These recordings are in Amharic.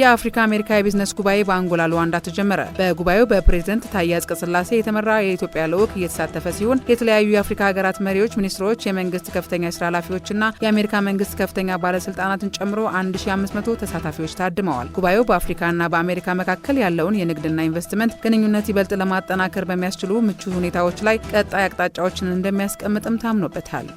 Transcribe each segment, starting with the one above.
የአፍሪካ አሜሪካ የቢዝነስ ጉባኤ በአንጎላ ሉዋንዳ ተጀመረ። በጉባኤው በፕሬዝደንት ታዬ አጽቀሥላሴ የተመራ የኢትዮጵያ ልዑክ እየተሳተፈ ሲሆን የተለያዩ የአፍሪካ ሀገራት መሪዎች፣ ሚኒስትሮች፣ የመንግስት ከፍተኛ የስራ ኃላፊዎችና የአሜሪካ መንግስት ከፍተኛ ባለስልጣናትን ጨምሮ 1500 ተሳታፊዎች ታድመዋል። ጉባኤው በአፍሪካና በአሜሪካ መካከል ያለውን የንግድና ኢንቨስትመንት ግንኙነት ይበልጥ ለማጠናከር በሚያስችሉ ምቹ ሁኔታዎች ላይ ቀጣይ አቅጣጫዎችን እንደሚያስቀምጥም ታምኖበታል።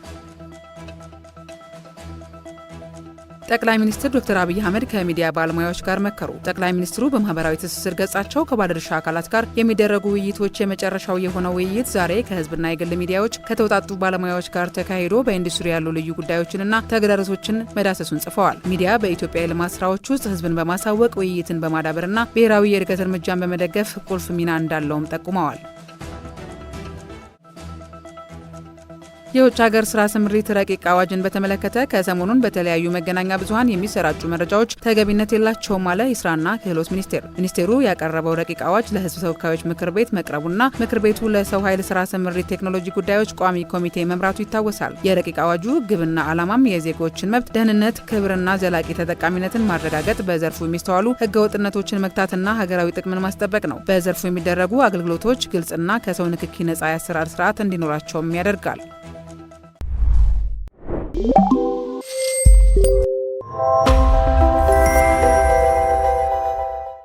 ጠቅላይ ሚኒስትር ዶክተር አብይ አህመድ ከሚዲያ ባለሙያዎች ጋር መከሩ። ጠቅላይ ሚኒስትሩ በማህበራዊ ትስስር ገጻቸው ከባለድርሻ አካላት ጋር የሚደረጉ ውይይቶች የመጨረሻው የሆነው ውይይት ዛሬ ከህዝብና የግል ሚዲያዎች ከተውጣጡ ባለሙያዎች ጋር ተካሂዶ በኢንዱስትሪ ያሉ ልዩ ጉዳዮችንና ተግዳሮቶችን መዳሰሱን ጽፈዋል። ሚዲያ በኢትዮጵያ የልማት ስራዎች ውስጥ ህዝብን በማሳወቅ ውይይትን በማዳበርና ብሔራዊ የእድገት እርምጃን በመደገፍ ቁልፍ ሚና እንዳለውም ጠቁመዋል። የውጭ ሀገር ስራ ስምሪት ረቂቅ አዋጅን በተመለከተ ከሰሞኑን በተለያዩ መገናኛ ብዙኃን የሚሰራጩ መረጃዎች ተገቢነት የላቸውም አለ የስራና ክህሎት ሚኒስቴር። ሚኒስቴሩ ያቀረበው ረቂቅ አዋጅ ለሕዝብ ተወካዮች ምክር ቤት መቅረቡና ምክር ቤቱ ለሰው ኃይል ስራ ስምሪት ቴክኖሎጂ ጉዳዮች ቋሚ ኮሚቴ መምራቱ ይታወሳል። የረቂቅ አዋጁ ግብና ዓላማም የዜጎችን መብት፣ ደህንነት፣ ክብርና ዘላቂ ተጠቃሚነትን ማረጋገጥ፣ በዘርፉ የሚስተዋሉ ህገወጥነቶችን መግታትና ሀገራዊ ጥቅምን ማስጠበቅ ነው። በዘርፉ የሚደረጉ አገልግሎቶች ግልጽና ከሰው ንክኪ ነጻ የአሰራር ስርዓት እንዲኖራቸውም ያደርጋል።